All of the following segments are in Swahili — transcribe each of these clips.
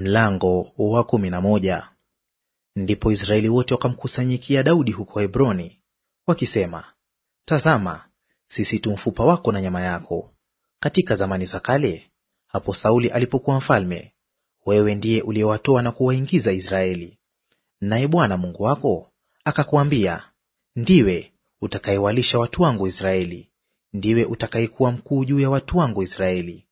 Mlango wa kumi na moja. Ndipo Israeli wote wakamkusanyikia Daudi huko Hebroni wakisema, Tazama, sisi tu mfupa wako na nyama yako. Katika zamani za kale, hapo Sauli alipokuwa mfalme, wewe ndiye uliyewatoa na kuwaingiza Israeli. Naye Bwana Mungu wako akakuambia, ndiwe utakayewalisha watu wangu Israeli, ndiwe utakayekuwa mkuu juu ya watu wangu Israeli.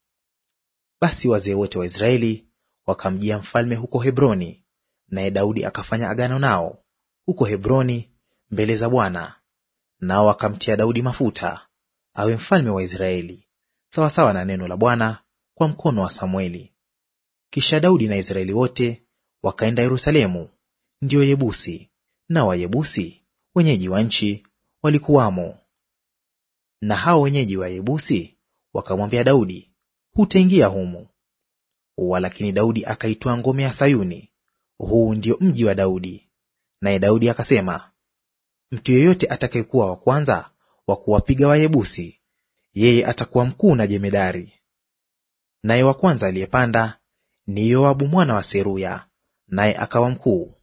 Basi wazee wote wa Israeli wakamjia mfalme huko Hebroni, naye Daudi akafanya agano nao huko Hebroni mbele za Bwana, nao wakamtia Daudi mafuta awe mfalme wa Israeli sawasawa na neno la Bwana kwa mkono wa Samueli. Kisha Daudi na Israeli wote wakaenda Yerusalemu, ndio Yebusi, na Wayebusi wenyeji wa nchi walikuwamo. Na hao wenyeji wa Yebusi wakamwambia Daudi, hutaingia humu, Walakini Daudi akaitwaa ngome ya Sayuni, huu ndio mji wa Daudi. Naye Daudi akasema, mtu yeyote atakayekuwa wa kwanza wa kuwapiga Wayebusi, yeye atakuwa mkuu na jemedari. Naye wa kwanza aliyepanda ni Yoabu mwana wa Seruya, naye akawa mkuu.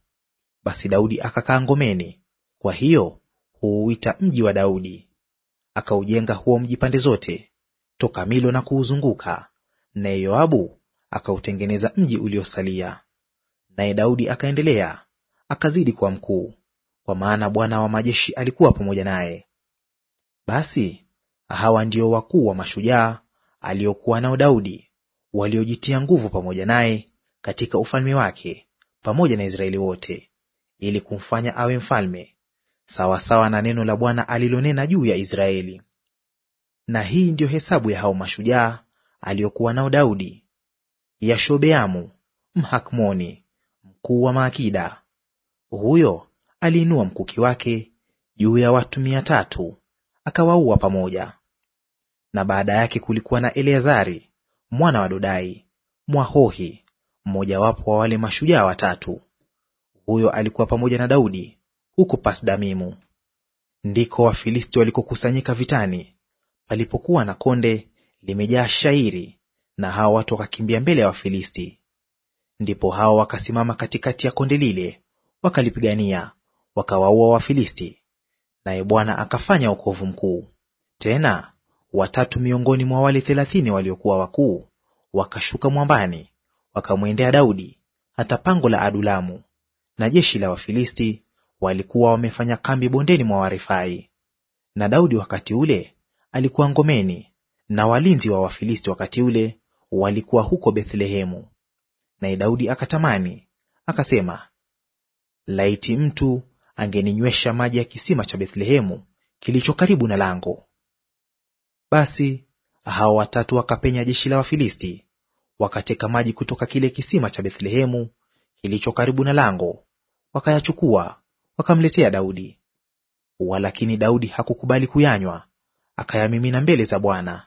Basi Daudi akakaa ngomeni, kwa hiyo huuita mji wa Daudi. Akaujenga huo mji pande zote toka Milo na kuuzunguka, naye Yoabu akautengeneza mji uliosalia. Naye Daudi akaendelea akazidi kuwa mkuu, kwa maana Bwana wa majeshi alikuwa pamoja naye. Basi hawa ndio wakuu wa mashujaa aliokuwa nao Daudi, waliojitia nguvu pamoja naye katika ufalme wake, pamoja na Israeli wote, ili kumfanya awe mfalme sawasawa na neno la Bwana alilonena juu ya Israeli. Na hii ndiyo hesabu ya hao mashujaa aliokuwa nao Daudi Yashobeamu Mhakmoni, mkuu wa maakida. Huyo aliinua mkuki wake juu ya watu mia tatu akawaua pamoja. Na baada yake kulikuwa na Eleazari mwana wa Dodai Mwahohi, mmojawapo wa wale mashujaa watatu. Huyo alikuwa pamoja na Daudi huko Pasdamimu. Ndiko Wafilisti walikokusanyika vitani, palipokuwa na konde limejaa shairi na hao watu wakakimbia mbele ya wa Wafilisti. Ndipo hao wakasimama katikati ya konde lile, wakalipigania, wakawaua Wafilisti, naye Bwana akafanya wokovu mkuu. Tena watatu miongoni mwa wale thelathini waliokuwa wakuu wakashuka mwambani, wakamwendea Daudi hata pango la Adulamu, na jeshi la Wafilisti walikuwa wamefanya kambi bondeni mwa Warefai. Na Daudi wakati ule alikuwa ngomeni, na walinzi wa Wafilisti wakati ule walikuwa huko Bethlehemu. Naye Daudi akatamani akasema, laiti mtu angeninywesha maji ya kisima cha Bethlehemu kilicho karibu na lango. Basi hao watatu wakapenya jeshi la Wafilisti, wakateka maji kutoka kile kisima cha Bethlehemu kilicho karibu na lango, wakayachukua wakamletea Daudi. Walakini Daudi hakukubali kuyanywa, akayamimina mbele za Bwana.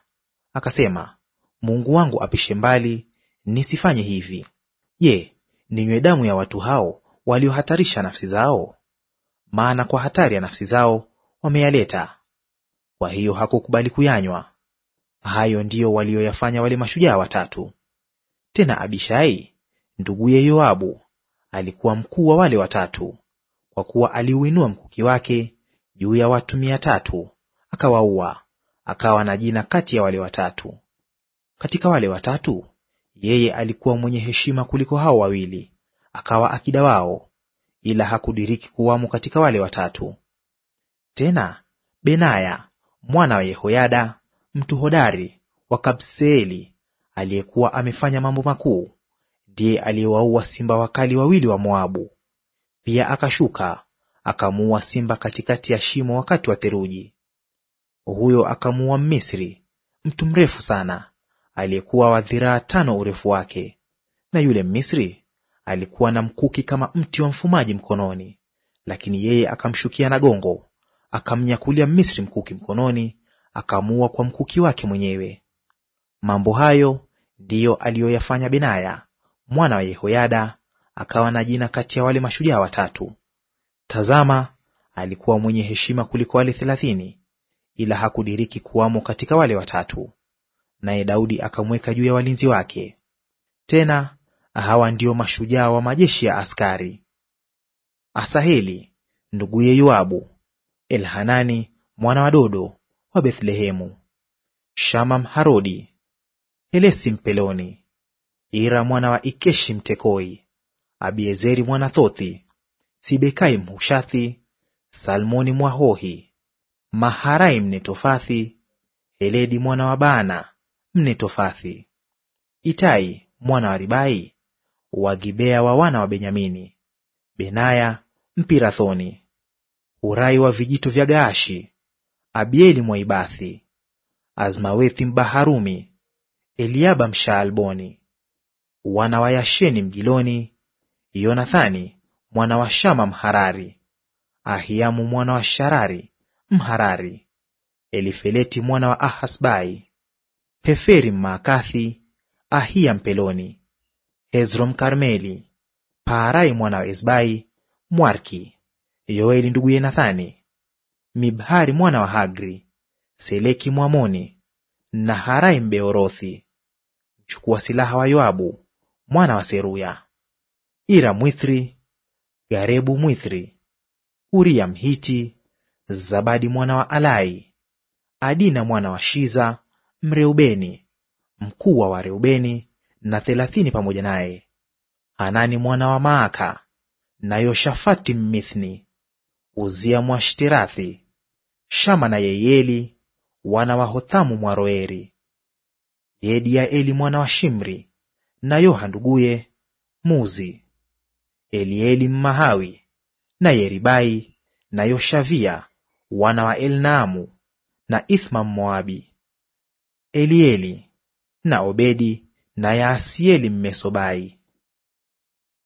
Akasema, Mungu wangu apishe mbali, nisifanye hivi. Je, ninywe damu ya watu hao waliohatarisha nafsi zao? Maana kwa hatari ya nafsi zao wameyaleta, kwa hiyo hakukubali kuyanywa. Hayo ndiyo walioyafanya wale mashujaa watatu. Tena Abishai nduguye Yoabu alikuwa mkuu wa wale watatu, kwa kuwa aliuinua mkuki wake juu ya watu mia tatu akawaua, akawa na jina kati ya wale watatu. Katika wale watatu yeye alikuwa mwenye heshima kuliko hao wawili, akawa akida wao, ila hakudiriki kuwamo katika wale watatu. Tena Benaya mwana wa Yehoyada mtu hodari wa Kabseeli, aliyekuwa amefanya mambo makuu, ndiye aliyewaua simba wakali wawili wa Moabu. Pia akashuka akamuua simba katikati ya shimo wakati wa theruji Huyo akamuua Mmisri, mtu mrefu sana, aliyekuwa wa dhiraa tano urefu wake, na yule Mmisri alikuwa na mkuki kama mti wa mfumaji mkononi, lakini yeye akamshukia na gongo, akamnyakulia Mmisri mkuki mkononi, akamuua kwa mkuki wake mwenyewe. Mambo hayo ndiyo aliyoyafanya Benaya mwana wa Yehoyada, akawa na jina kati ya wale mashujaa watatu. Tazama, alikuwa mwenye heshima kuliko wale thelathini, ila hakudiriki kuwamo katika wale watatu naye Daudi akamweka juu ya walinzi wake. Tena hawa ndio mashujaa wa majeshi ya askari: Asaheli nduguye Yoabu, Elhanani mwana wa Dodo wa Bethlehemu, Shama Mharodi, Helesi Mpeloni, Ira mwana wa Ikeshi Mtekoi, Abiezeri mwana Thothi, Sibekai Mhushathi, Salmoni Mwahohi, Maharai Mnetofathi, Heledi mwana wa Baana, mne Tofathi; Itai mwana wa Ribai wa Gibea wa wana wa Benyamini; Benaya Mpirathoni; urai wa vijito vya Gaashi; Abieli Mwaibathi; Azmawethi Mbaharumi; Eliaba Mshaalboni; wana wa Yasheni Mgiloni; Yonathani mwana wa Shama Mharari; Ahiamu mwana wa Sharari Mharari; Elifeleti mwana wa Ahasbai Heferi Mmaakathi, Ahiya Mpeloni, Hezro Mkarmeli, Paarai mwana wa ezbai Mwarki, Yoeli nduguye Nathani, Mibhari mwana wa Hagri, Seleki Mwamoni, Naharai Mbeorothi, mchukua silaha wa Yoabu mwana wa Seruya, Ira Mwithri, Garebu Mwithri, Uria Mhiti, Zabadi mwana wa Alai, Adina mwana wa Shiza Mreubeni mkuu wa Wareubeni na thelathini pamoja naye, Hanani mwana wa Maaka na Yoshafati Mmithni, Uzia Mwashtirathi, Shama na Yeieli wana wa Hothamu Mwaroeri, Yediaeli mwana wa Shimri na Yoha nduguye Muzi, Elieli Mmahawi na Yeribai na Yoshavia wana wa Elnaamu na Ithma Mmoabi. Elieli na Obedi na Yaasieli Mmesobai.